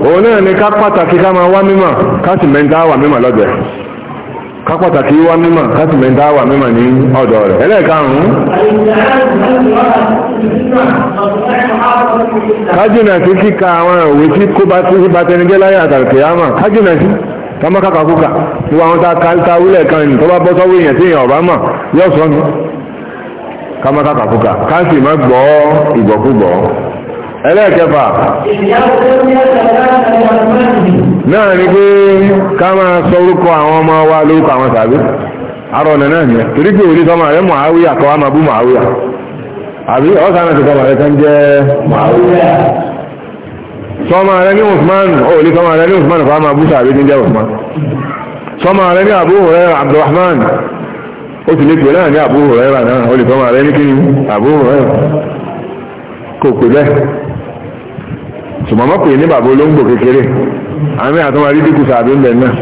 òun náà ni ká pàtàkì ká máa wá mímọ̀ ká sì mẹ́ta wà mímọ̀ lọ́dẹ̀ ká pàtàkì wá mímọ̀ ká sì mẹ́ta wà mímọ̀ ní ọ̀dọ̀ rẹ̀ ẹlẹ́ẹ̀karùn-ún kájìnà sí kíka àwọn òwe tí kó bá sí ìbátẹnigẹ́ láyé àtàlùkè yá mà kájìnà sí kọ́mọ́kàkàkùkà tí wọ́n ta ká wílẹ̀ kan tó bá bọ́ sọ́wọ́ èèyàn tí èèyàn ọ̀bá mọ̀ yóò sọ́nu kama kàkàkùkà káàsì má gbọ́ ìgbọ̀kúgbọ̀ ẹlẹ́ẹ̀kẹfà náà ni pé ká máa sọ orúkọ àwọn ọmọ wa lórúkọ àwọn tàbí arọ ọ̀nà náà nìyẹn torí pé òní sọmọ rẹ Muawiya kọ́ wa máa bú Muawiya àbí ọ̀sán náà ti sọmọ rẹ kan jẹ́ Muawiya sọmọ rẹ ní Usman òní sọmọ rẹ ní Usman kọ́ ó sì lè pè náà ní Abu Hurairah náà ó lè fẹ́ máa rẹ ní kíni Abu Hurairah kò pè bẹ́ẹ̀ ṣùgbọ́n mọ́ pè ní bàbá olóńgbò kékeré àmì àtúnwá rí dínkù sàbí ń bẹ̀ náà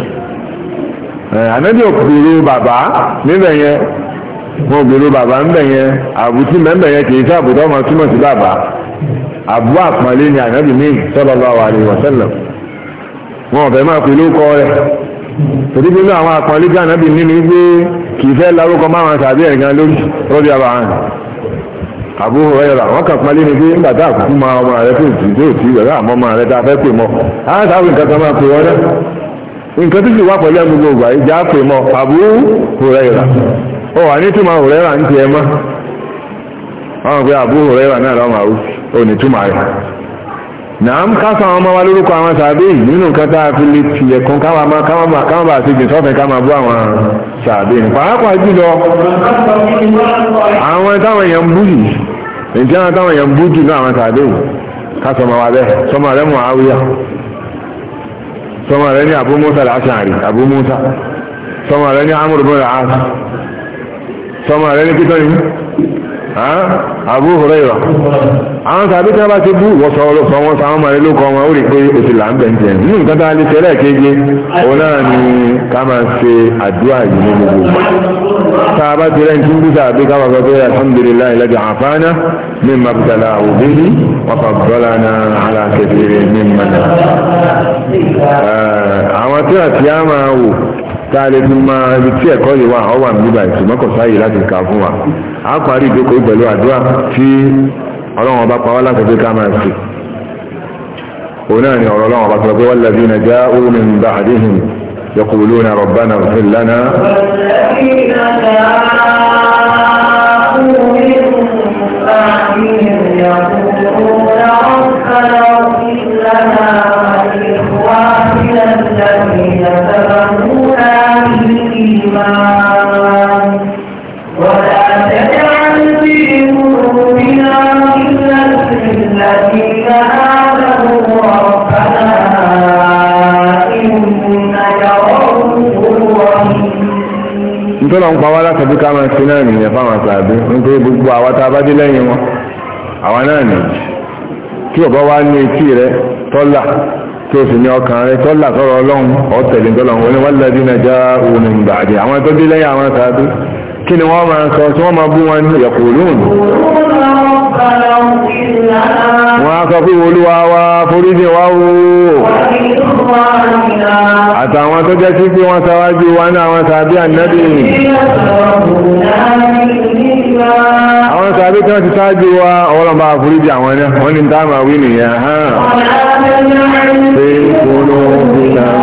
ànábì òkèrè bàbá níbẹ̀ yẹn wọn òkèrè bàbá níbẹ̀ yẹn àbùtí mẹ́mbẹ̀ yẹn kì í sábùtọ́ ọmọ túmọ̀ sí bàbá àbú àpọ̀lé ni ànábì míì sallallahu alaihi wasallam wọn ọ̀fẹ́ máa pè lóko rẹ̀ torí pé àwọn àpọ̀lé tí ànábì ní ni gbé kì í fẹ́ larúkọ máwọn tàbí ẹ̀gán lórí rọ́bì àbáhàn Abu Hurairah wọ́n kàn pálí ni pé nígbà tá àkókò máa ọmọ rẹ tó ti tó ti rẹ̀ àmọ́ ọmọ rẹ tá a fẹ́ pè mọ́ àwọn táwọn nǹkan kan máa pè wọ́n náà nǹkan tó sì wá pẹ̀lú ẹ̀mú gbogbo àyè já pè mọ́ Abu Hurairah ó wà ní túmọ̀ Hurairah ń tiẹ̀ mọ́ wọ́n pe Abu Hurairah náà lọ́mọ àrùn ò ní túmọ̀ rẹ̀ nàám ká ọmọ wa lórúkọ àwọn sàbẹ nínú nǹkan tá a fi lè fi ẹ̀kan káwa máa káwa máa káwa bá a ti gbìn sọ́fẹ̀ ká máa bú àwọn sàbẹ yìí pàápàá jùlọ àwọn táwọn èèyàn bú yìí èyí tí àwọn táwọn èèyàn bú jù náà àwọn yìí wa bẹ́ẹ̀ sọmọ rẹ mọ àwíyá sọmọ rẹ ní Musa Abu Musa sọmọ rẹ ní sọmọ rẹ ní àwọn tàbí tí wọ́n bá ti bú ìwọ̀sọ̀ ọlọ́sọ̀ wọn sáwọn máa ló kọ́ wọn ó rí pé o ti là ń bẹ̀ ń jẹ nínú nǹkan tá a lè tẹ́lẹ̀ kéje òun náà ni ká máa ṣe àdúrà yìí ní gbogbo tá a bá ti rẹ́ni ń bísà àbí ká wà gbọ́dọ̀ alhamdulillah alladhi afana mimma ibtalahu bihi wa faddalana ala kathirin mimman àwọn tí àti á máa wò táàlẹ́ tó máa ibi tí ẹ̀kọ́ yìí wà ọ wà níbà ìsìnkọ́ ọlọ́run ọba pa wá láti fi ká máa fi òun náà ni ọ̀rọ̀ ọlọ́run ọba tó sọ pé walladhina ja'u min ba'dihim bá rabbana ighfir lana ربنا اغفر لنا ولإخواننا الذين سبقونا nítorí wọn pa wá láti bí ká máa ṣe náà nìyẹn fáwọn àtàbí nítorí gbogbo àwa tá a bá dé lẹ́yìn wọn àwa náà nì kí ọba wá ní etí rẹ tọ́lá tí o sì ní ọkàn rẹ tọ́lá tọ́rọ ọlọ́run ọ̀tẹ̀lẹ̀ tọ́lọ́run oníwájú lẹ́bí náà já òun ìgbà àdé àwọn tó dé lẹ́yìn àwọn àtàbí kí ni wọ́n máa sọ tí wọ́n máa bú wọn yẹ̀kùlùn wọ́n á sọ pé olúwa wa foríjì wá o àtàwọn tó jẹ́ sí pé wọ́n sáwájú wa ní àwọn sàbí ànábì àwọn sàbí tí wọ́n ti sáájú wa ọlọ́mbà foríjì àwọn ní wọ́n ní dáàmà wí nìyẹn hàn ṣe kúrò bí náà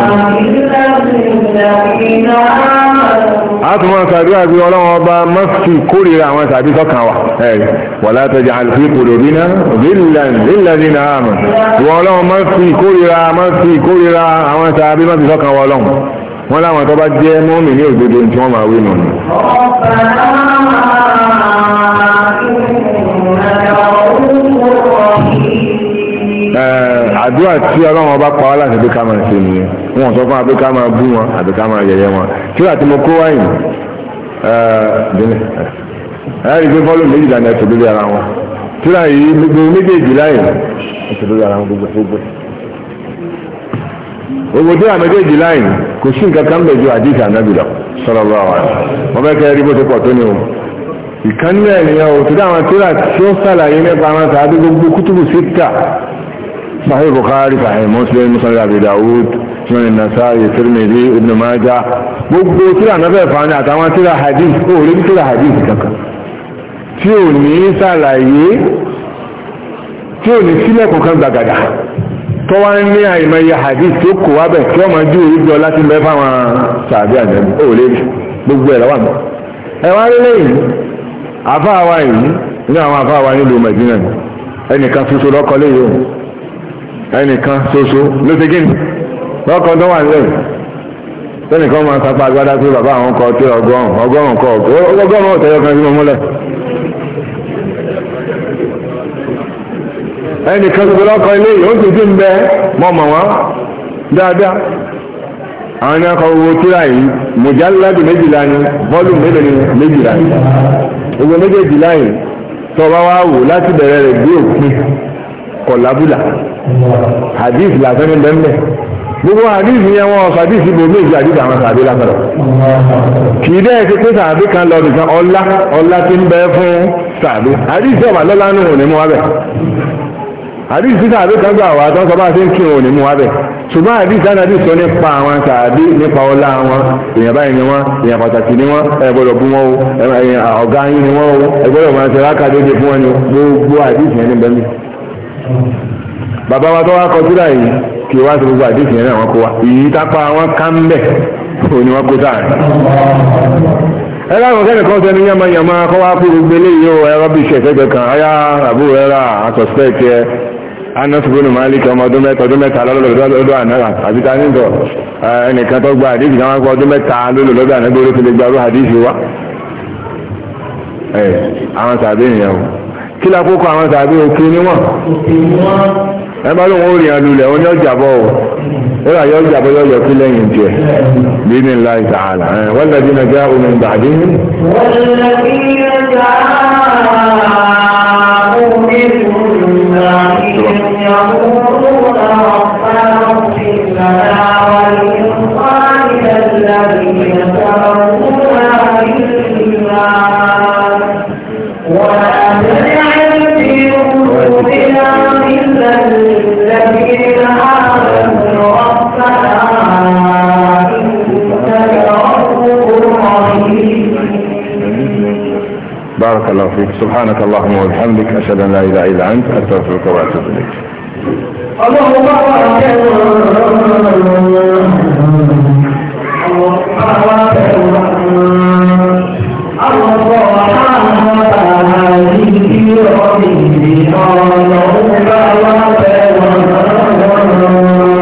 àtúmọ̀ sàdúrà bí ọlọ́wọ́n ọba mọ́fì kórìíra àwọn sàbí sọ́kàn wa ẹ̀rí wàlá taj'al fi qulubina ghillan lilladhina amanu ìwọ ọlọ́wọ́n mọ́fì kórìíra mọ́fì kórìíra àwọn sàbí mọ́fì sọ́kàn wa ọlọ́wọ́n wọn láwọn tó bá jẹ́ mọ́mì ní òdodo tí wọ́n máa wí nù ni. àdúrà tí ọlọ́wọ́n ọba pa wá láti bí ká máa ṣe nìyẹn wọn sọ fún abẹ́ ká máa bú wọn àbí ká máa yẹ̀yẹ́ wọn kí wàá tí mo kó wáyìn ẹ̀ẹ́ rí i pé fọ́lọ́ méjì dání ẹ̀sùn lórí ara wọn tíra yìí gbogbo méjèèjì láyè ẹ̀sùn lórí ara wọn gbogbo gbogbo gbogbo tíra méjèèjì láyè kò sí nǹkan kan bẹ̀ ju àdìsí ànábì lọ sọ̀rọ̀ lọ́wọ́ àwọn wọn fẹ́ kẹ́ rí bó ti pọ̀ tó ní o ìkànnì ènìyàn ò ti dá àwọn tí ó sàlàyé nípa àwọn sàádé gbogbo kútùbù síta Sahih Bukhari Sahih Muslim Sahih Abi Dawud sunan nasa'i tirmidhi ibn majah gbogbo tíra náà bẹ́ẹ̀ fani àtàwọn tíra hadith ó rí tíra hadith kankan tí ò ní sàlàyé tí ò ní sílẹ̀ kankan gbàgàdà tó wá ní àìmọye hadith tó kò wá bẹ̀ tí ó máa ju orí jọ láti bẹ́ fáwọn sàbí àjẹmí ó rí gbogbo ẹ̀ lọ́wọ́ àmọ́ ẹ̀wọ́n rí lẹ́yìn àfáàwá yìí ní àwọn àfáàwá nílùú Mẹ̀dínà ẹnìkan ṣoṣo lọ́kọ léyìí ẹnìkan ṣoṣo ló ṣe gíní lọ́kọ̀ tó wà nílẹ̀ tẹ́nì kan máa sapá agbádá pé bàbá àwọn kọ tí ọgọ́rùn ọgọ́rùn kọ ọgọ́rùn ọ̀tẹ́yọ kan sínú múlẹ̀ ẹnì kan tó lọ́kọ̀ ilé yìí ó sì ti ń bẹ mọ́ mọ̀ wá dáadáa àwọn ní akọ owó tíra yìí mùjáládù méjìlá ni bọ́ọ̀lù mélòó ni méjìlá ni gbogbo méjèèjìlá yìí tọba wa wò láti bẹ̀rẹ̀ rẹ̀ gbé òpin kọ̀lábùlà hadith làtọ́ ní bẹ́ẹ̀ gbogbo àdìsí yẹn wọn ọ̀sàdìsí bò méjì àdìsí àwọn sàbí lápẹ̀rẹ̀ kì í dẹ́ ti pé sàbí kan lọ nìkan ọlá ọlá ti ń bẹ fún sàbí àdìsí ọ̀bà lọ́lá nù òní mú wa bẹ̀ àdìsí sàbí kan gbà wá tán sọ bá ṣe ń kírun òní mú wa bẹ̀ ṣùgbọ́n àdìsí àdàbí sọ nípa àwọn sàbí nípa ọlá wọn èèyàn báyìí ni wọn èèyàn pàtàkì ni wọn ẹ gbọ́dọ̀ bú wọn o ọ̀gá yín ni wọn o ẹ gbọ́dọ̀ ṣe rákàdédé fún wọn ni gbogbo àdìsí yẹn ní mi bàbá wa tó wá kọ síra kí wá sí gbogbo àdéhùn yẹn náà wọ́n kó wa ìyí tápá wọn ká ń bẹ̀ òní wọ́n kó sáà ẹ̀rọ àwọn kẹ́kẹ́ kan sẹ́ni yàmá yàmá kọ́ wá pé gbogbo eléyìí ó ẹ̀rọ bí iṣẹ́ ìṣẹ́gbẹ̀ kan ayá àbúrò ẹ̀rà àtọ̀spẹ̀t ẹ anásùgbónù máàlìkì ọmọ ọdún mẹ́ta ọdún mẹ́ta lọ́lọ́lọ́dọ́ ànára àti tanítọ̀ ẹnìkan tó gba àdéhùn kan wá pé ọdún mẹ́ta lọ́lọ́lọ́dọ́ ànágbé orí fi lè gbarú àdéhùn wa àwọn tàbí ìyàwó kí lákòókò àwọn tàbí òkè níwọ̀n ẹ bá lóun ó rìn àlù lẹ̀ wọ́n ní ọjà bọ̀ o wọ́n àyọ̀ ọjà bọ̀ yọ̀ sí lẹ́yìn tiẹ̀ bíní ńlá ìtàhàlà ẹ̀ wọ́n lẹ́bí náà jẹ́ omi ìgbà àdé. wọ́n lẹ́bí الله فيك سبحانك اللهم وبحمدك أشهد أن لا إله إلا أنت أستغفرك وأتوب إليك اللهم Thank you.